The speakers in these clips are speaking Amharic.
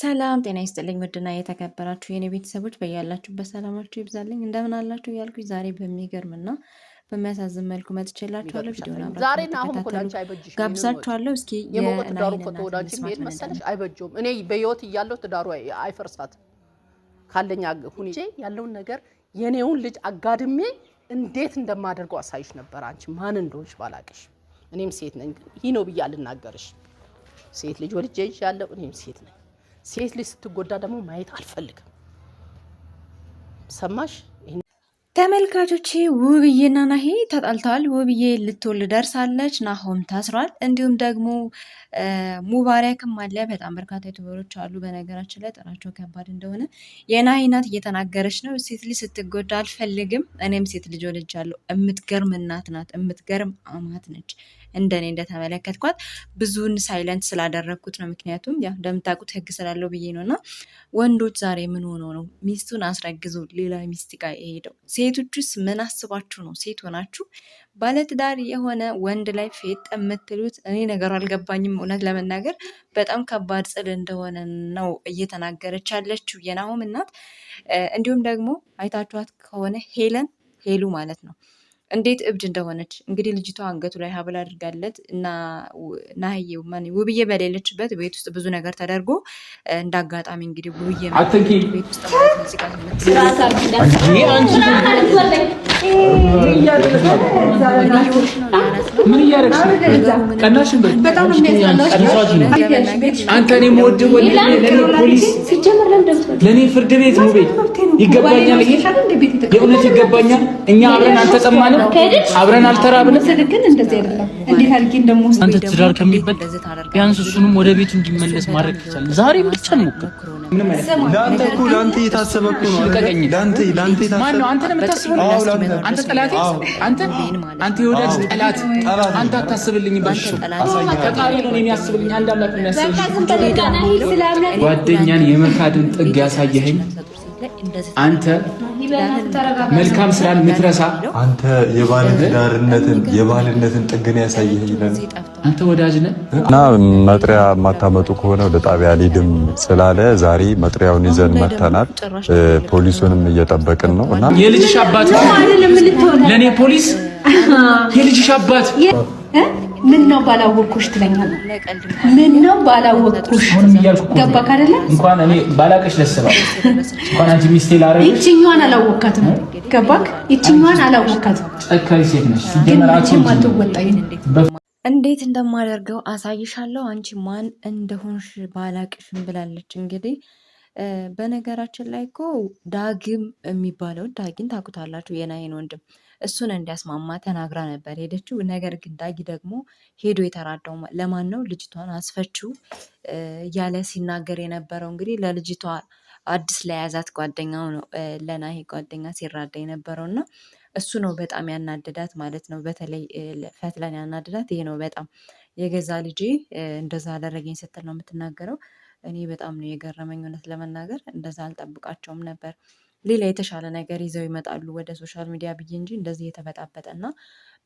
ሰላም ጤና ይስጥልኝ። ውድና የተከበራችሁ የኔ ቤተሰቦች በያላችሁበት ሰላማችሁ ይብዛልኝ። እንደምን አላችሁ እያልኩኝ ዛሬ በሚገርምና በሚያሳዝን መልኩ መጥቼላችኋለሁ። ቪዲዮን አብራችሁ ጋብዛችኋለሁ። እስኪ የሞቀ ትዳሩ ከተወዳጅ ሄድ መሰለሽ አይበጅም። እኔ በህይወት እያለሁ ትዳሩ አይፈርሳትም ካለኝ ሁኔ ያለውን ነገር የኔውን ልጅ አጋድሜ እንዴት እንደማደርገው አሳይሽ ነበር። አንቺ ማን እንደሆንሽ ባላቅሽ፣ እኔም ሴት ነኝ። ይህ ነው ብዬ አልናገርሽ። ሴት ልጅ ወልጄ ያለው እኔም ሴት ነኝ። ሴት ልጅ ስትጎዳ ደግሞ ማየት አልፈልግም። ሰማሽ? ተመልካቾቼ ውብዬና ናሂ ተጣልተዋል። ውብዬ ልትወልድ ደርሳለች፣ ናሆም ታስሯል። እንዲሁም ደግሞ ሙባሪያክም አለ። በጣም በርካታ ዩቱበሮች አሉ። በነገራችን ላይ ጥራቸው ከባድ እንደሆነ የናሂ እናት እየተናገረች ነው። ሴት ልጅ ስትጎዳ አልፈልግም፣ እኔም ሴት ልጅ ወልጃለሁ። የምትገርም እናት ናት፣ የምትገርም አማት ነች። እንደኔ እንደተመለከትኳት ብዙን ሳይለንት ስላደረግኩት ነው። ምክንያቱም ያው እንደምታውቁት ህግ ስላለው ብዬ ነው። እና ወንዶች ዛሬ ምን ሆኖ ነው ሚስቱን አስረግዞ ሌላ ሚስት ጋር የሄደው? ሴቶቹስ ምን አስባችሁ ነው? ሴት ሆናችሁ ባለትዳር የሆነ ወንድ ላይ ፌጥ የምትሉት? እኔ ነገሩ አልገባኝም። እውነት ለመናገር በጣም ከባድ ጽል እንደሆነ ነው እየተናገረች ያለችው የናሆም እናት። እንዲሁም ደግሞ አይታችኋት ከሆነ ሄለን ሄሉ ማለት ነው እንዴት እብድ እንደሆነች እንግዲህ ልጅቷ አንገቱ ላይ ሀብል አድርጋለት እና ናህዬ ውብዬ በሌለችበት ቤት ውስጥ ብዙ ነገር ተደርጎ እንዳጋጣሚ እንግዲህ ውብዬ ቤት ውስጥ ምን እያደረግሽ ቀናሽ? አንተ እኔ ሲጀምር ለእኔ ፍርድ ቤት ነው ቤት ይገባኛል። ይሄ የእውነት ይገባኛል። እኛ አብረን አልተጠማንም፣ አብረን አልተራብንም። አንተ ትዳር ከሚበል ቢያንስ እሱንም ወደ ቤቱ እንዲመለስ ማድረግ ይቻላል። ዛሬ ብቻ እንሞክር። ለአንተ እኮ የታሰበ እኮ ነው። ለአንተ ለአንተ አንተ ነው ጠላቴ፣ አንተ የወዳጅ ጠላት፣ አንተ አታስብልኝ። አታስብልኝም። ፈጣሪ ነው የሚያስብልኝ። አንድ አምላክ ነው የሚያስብልኝ። ጓደኛን የመካድን ጥግ ያሳየኸኝ አንተ መልካም ስራን ምትረሳ አንተ የባልዳርነትን የባልነትን ጥግን ያሳየኝ አንተ ወዳጅ ነህ እና መጥሪያ የማታመጡ ከሆነ ወደ ጣቢያ ሊድም ስላለ ዛሬ መጥሪያውን ይዘን መጥተናል። ፖሊሱንም እየጠበቅን ነው እና የልጅሽ አባት ለእኔ ፖሊስ የልጅሽ አባት ምን ነው ባላወቅኩሽ ትለኛለህ። ምን ነው ባላወቅኩሽ ገባክ አይደለ? እንኳን እኔ ባላቀሽ ደስ ነው። እንኳን አንቺ ሚስቴ ላረግ ይችኛዋን አላወቃትም። ገባክ? ይችኛዋን አላወቃትም። ጨካኝ ሴት ነሽ። እንዴት እንደማደርገው አሳይሻለሁ። አንቺ ማን እንደሆንሽ ባላቅሽም ብላለች። እንግዲህ በነገራችን ላይ እኮ ዳግም የሚባለው ዳጊን ታውቁታላችሁ፣ የናይን ወንድም እሱን እንዲያስማማ ተናግራ ነበር ሄደችው። ነገር ግን ዳጊ ደግሞ ሄዶ የተራዳው ለማን ነው? ልጅቷን አስፈችው እያለ ሲናገር የነበረው እንግዲህ ለልጅቷ አዲስ ለያዛት ጓደኛው ነው ለናሄ ጓደኛ ሲራዳ የነበረው እና እሱ ነው በጣም ያናደዳት ማለት ነው። በተለይ ፈትለን ያናደዳት ይሄ ነው። በጣም የገዛ ልጄ እንደዛ አደረገኝ ስትል ነው የምትናገረው። እኔ በጣም ነው የገረመኝ እውነት ለመናገር እንደዛ አልጠብቃቸውም ነበር። ሌላ የተሻለ ነገር ይዘው ይመጣሉ ወደ ሶሻል ሚዲያ ብዬ እንጂ እንደዚህ የተበጣበጠ እና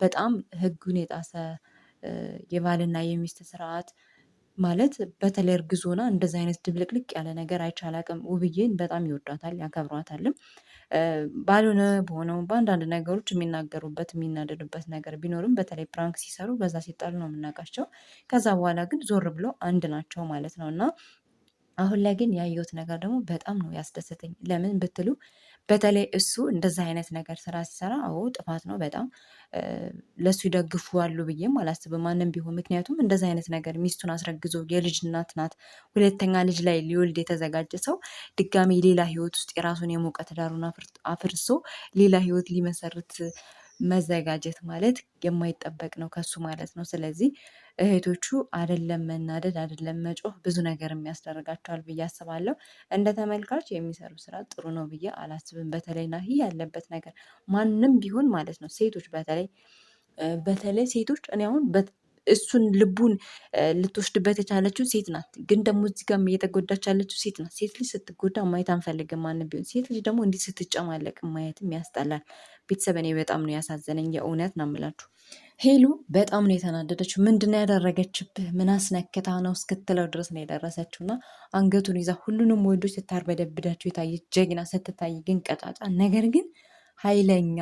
በጣም ህጉን የጣሰ የባልና የሚስት ስርዓት ማለት በተለይ እርግዞና እንደዚህ አይነት ድብልቅልቅ ያለ ነገር አይቻላቅም። ውብዬን በጣም ይወዳታል ያከብሯታልም። ባልሆነ በሆነው በአንዳንድ ነገሮች የሚናገሩበት የሚናደዱበት ነገር ቢኖርም በተለይ ፕራንክ ሲሰሩ በዛ ሲጣሉ ነው የምናውቃቸው። ከዛ በኋላ ግን ዞር ብለው አንድ ናቸው ማለት ነው እና አሁን ላይ ግን ያየሁት ነገር ደግሞ በጣም ነው ያስደሰተኝ። ለምን ብትሉ በተለይ እሱ እንደዛ አይነት ነገር ስራ ሲሰራ አዎ ጥፋት ነው። በጣም ለእሱ ይደግፉ አሉ ብዬም አላስብም ማንም ቢሆን። ምክንያቱም እንደዛ አይነት ነገር ሚስቱን አስረግዞ የልጅ እናት ናት፣ ሁለተኛ ልጅ ላይ ሊወልድ የተዘጋጀ ሰው ድጋሚ ሌላ ህይወት ውስጥ የራሱን የሞቀ ትዳሩን አፍርሶ ሌላ ህይወት ሊመሰርት መዘጋጀት ማለት የማይጠበቅ ነው ከሱ ማለት ነው። ስለዚህ እህቶቹ አይደለም መናደድ አይደለም መጮህ ብዙ ነገር የሚያስደርጋቸዋል ብዬ አስባለሁ። እንደ ተመልካች የሚሰሩ ስራ ጥሩ ነው ብዬ አላስብም። በተለይ ናሂ ያለበት ነገር ማንም ቢሆን ማለት ነው ሴቶች በተለይ በተለይ ሴቶች እኔ አሁን እሱን ልቡን ልትወስድበት የቻለችው ሴት ናት። ግን ደግሞ እዚህ ጋር እየተጎዳች ያለችው ሴት ናት። ሴት ልጅ ስትጎዳ ማየት አንፈልግም ማንም ቢሆን። ሴት ልጅ ደግሞ እንዲህ ስትጨማለቅ ማየትም ያስጠላል። ቤተሰብ እኔ በጣም ነው ያሳዘነኝ። የእውነት ነው የምላችሁ። ሄሉ በጣም ነው የተናደደችው። ምንድነው ያደረገችብህ? ምን አስነክታ ነው እስክትለው ድረስ ነው የደረሰችው እና አንገቱን ይዛ ሁሉንም ወንዶች ስታርበደብዳቸው የታየ ጀግና ስትታይ ግን ቀጫጫ፣ ነገር ግን ኃይለኛ።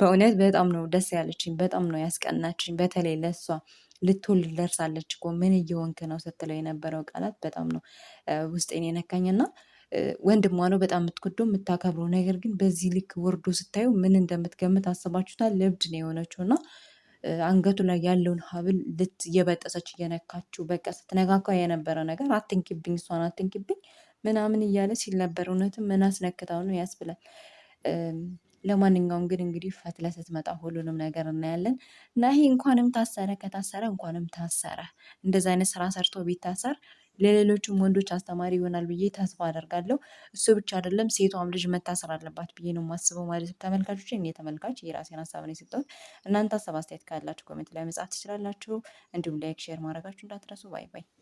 በእውነት በጣም ነው ደስ ያለችኝ። በጣም ነው ያስቀናችኝ። በተለይ ለሷ ልትወልድ ደርሳለች እኮ ምን እየሆንክ ነው ስትለው የነበረው ቃላት በጣም ነው ውስጤን የነካኝና ወንድሟ ነው በጣም የምትወደው የምታከብረው። ነገር ግን በዚህ ልክ ወርዶ ስታዩ ምን እንደምትገምት አስባችሁታል? ልብድ ነው የሆነችው እና አንገቱ ላይ ያለውን ሀብል ልት እየበጠሰች እየነካችው በቃ ስትነካካ የነበረ ነገር አትንኪብኝ፣ እሷን አትንኪብኝ ምናምን እያለ ሲል ነበር። እውነትም ምን አስነክታው ነው ያስብላል። ለማንኛውም ግን እንግዲህ ፈትለ ስትመጣ ሁሉንም ነገር እናያለን። ናሂ እንኳንም ታሰረ፣ ከታሰረ እንኳንም ታሰረ። እንደዚ አይነት ስራ ሰርቶ ቢታሰር ለሌሎችም ወንዶች አስተማሪ ይሆናል ብዬ ተስፋ አደርጋለሁ። እሱ ብቻ አይደለም ሴቷም ልጅ መታሰር አለባት ብዬ ነው የማስበው። ማለት ተመልካቾች፣ እኔ ተመልካች የራሴን ሀሳብ ነው የሰጠሁት። እናንተ ሀሳብ አስተያየት ካላችሁ ኮሜንት ላይ መጻፍ ትችላላችሁ። እንዲሁም ላይክ፣ ሼር ማድረጋችሁ እንዳትረሱ። ባይ ባይ።